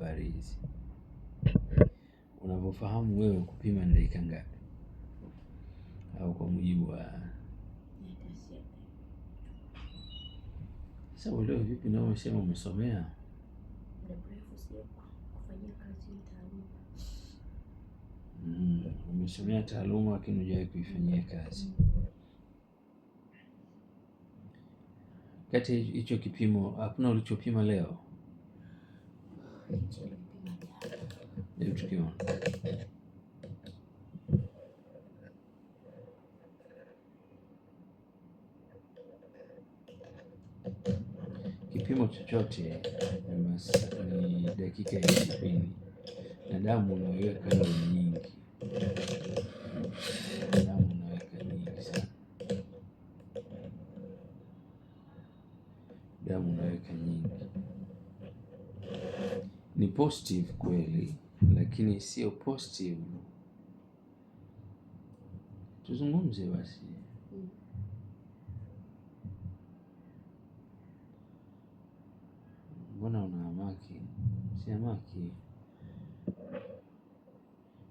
habari hizi. Unavyofahamu wewe, kupima ni dakika ngapi? Au kwa mujibu wa sasa, leo vipi nao umesema umesomea mm, umesomea taaluma lakini hujawahi kuifanyia kazi. Kati hicho kipimo hakuna ulichopima leo? Kipimo chochote ni dakika ishirini na damu unaweka ni nyingi, damu unaweka nyingi sana, damu unaweka nyingi ni positive kweli, lakini sio positive. Tuzungumze basi Mbona una hamaki? Si hamaki,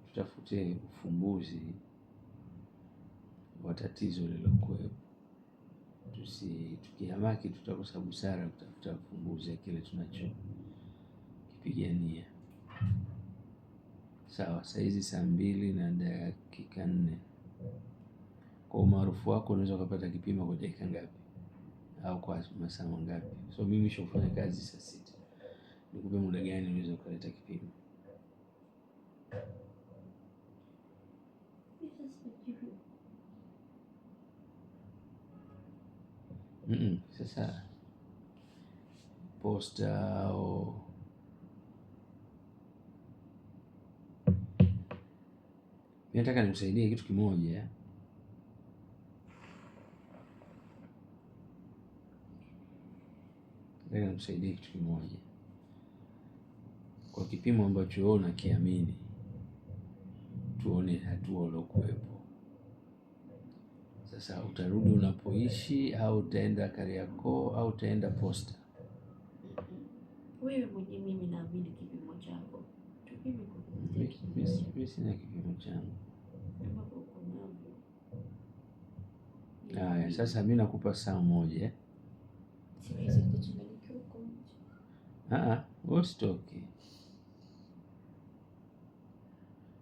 tutafute ufumbuzi wa tatizo lilokuwepo. Tusi tukihamaki tutakosa busara kutafuta ufumbuzi ya kile tunacho kupigania. Sawa, saizi saa mbili na dakika nne. Kwa umaarufu wako unaweza ukapata kipimo kwa dakika ngapi au kwa masaa mangapi? So mimi shaufanya kazi saa sita, nikupe muda gani unaweza ukaleta kipimo? Mm, sasa posta au Nataka nimsaidie kitu kimoja. Nataka nimsaidie kitu kimoja kwa kipimo ambacho wewe unakiamini, tuone hatua uliokuwepo. Sasa utarudi unapoishi au utaenda Kariakoo au utaenda posta? Wewe mwenyewe, mimi naamini kipimo chako. Mimi sina kipimo changu. Haya, sasa mi nakupa saa moja. Usitoke,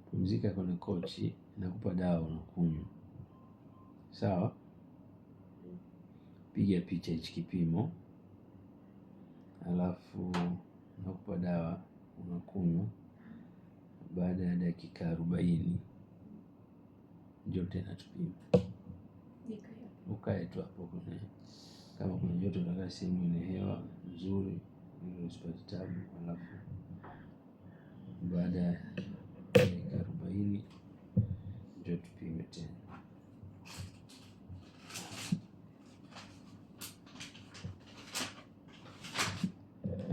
pumzika kwenye kochi, nakupa dawa unakunywa, sawa? Piga picha hichi kipimo, alafu nakupa dawa unakunywa. Baada ya dakika arobaini ndio tena tupime, ukae tu hapo. Kama kuna joto, utakaa sehemu yenye hewa nzuri ili usipate tabu. Alafu baada ya dakika arobaini ndio tupime tena.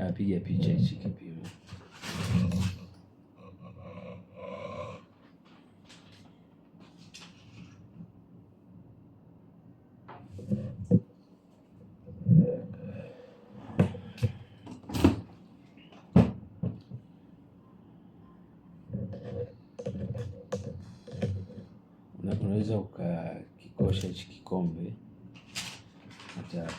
Apiga picha hichi kipimo. unaweza ukakikosha hichi kikombe hata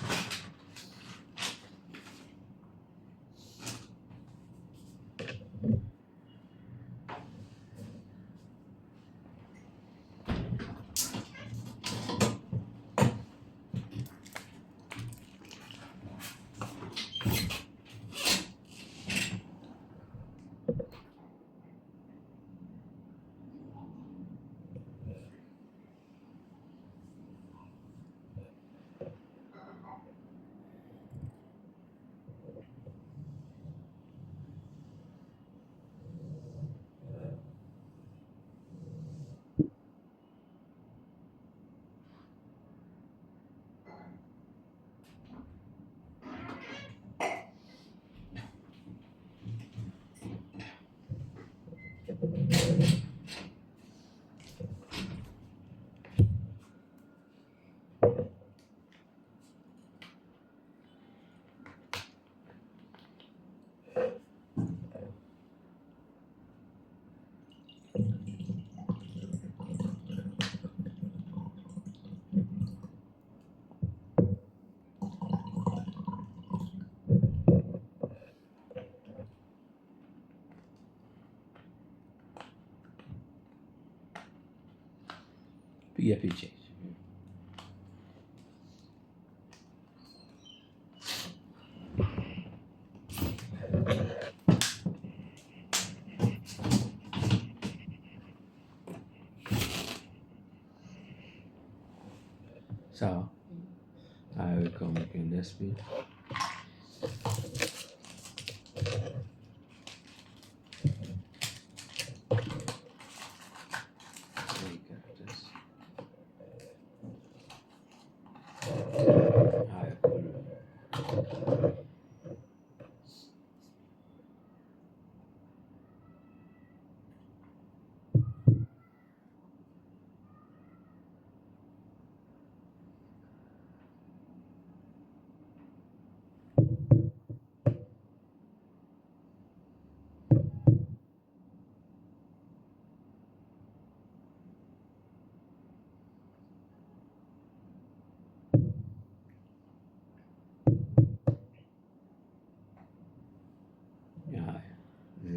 bir So, I will come in this week.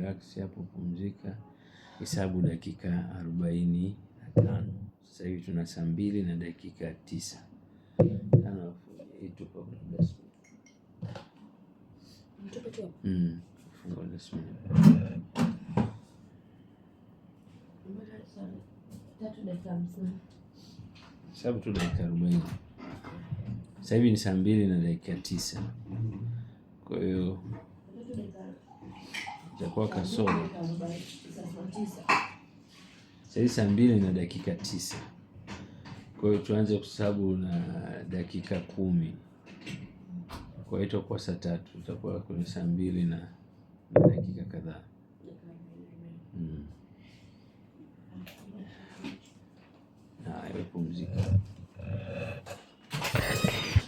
relax hapo, pumzika, hesabu dakika arobaini na tano. Sasa hivi tuna saa mbili na dakika tisa. Mm, hesabu tu dakika arobaini. Sasa hivi ni saa mbili na dakika tisa, kwa hiyo itakuwa kasoro sahii saa mbili na dakika tisa. Kwa hiyo tuanze kusabu na dakika kumi. Kwa hiyo itakuwa saa tatu, itakuwa kwenye saa mbili na, dakika kadhaa hmm. Ah,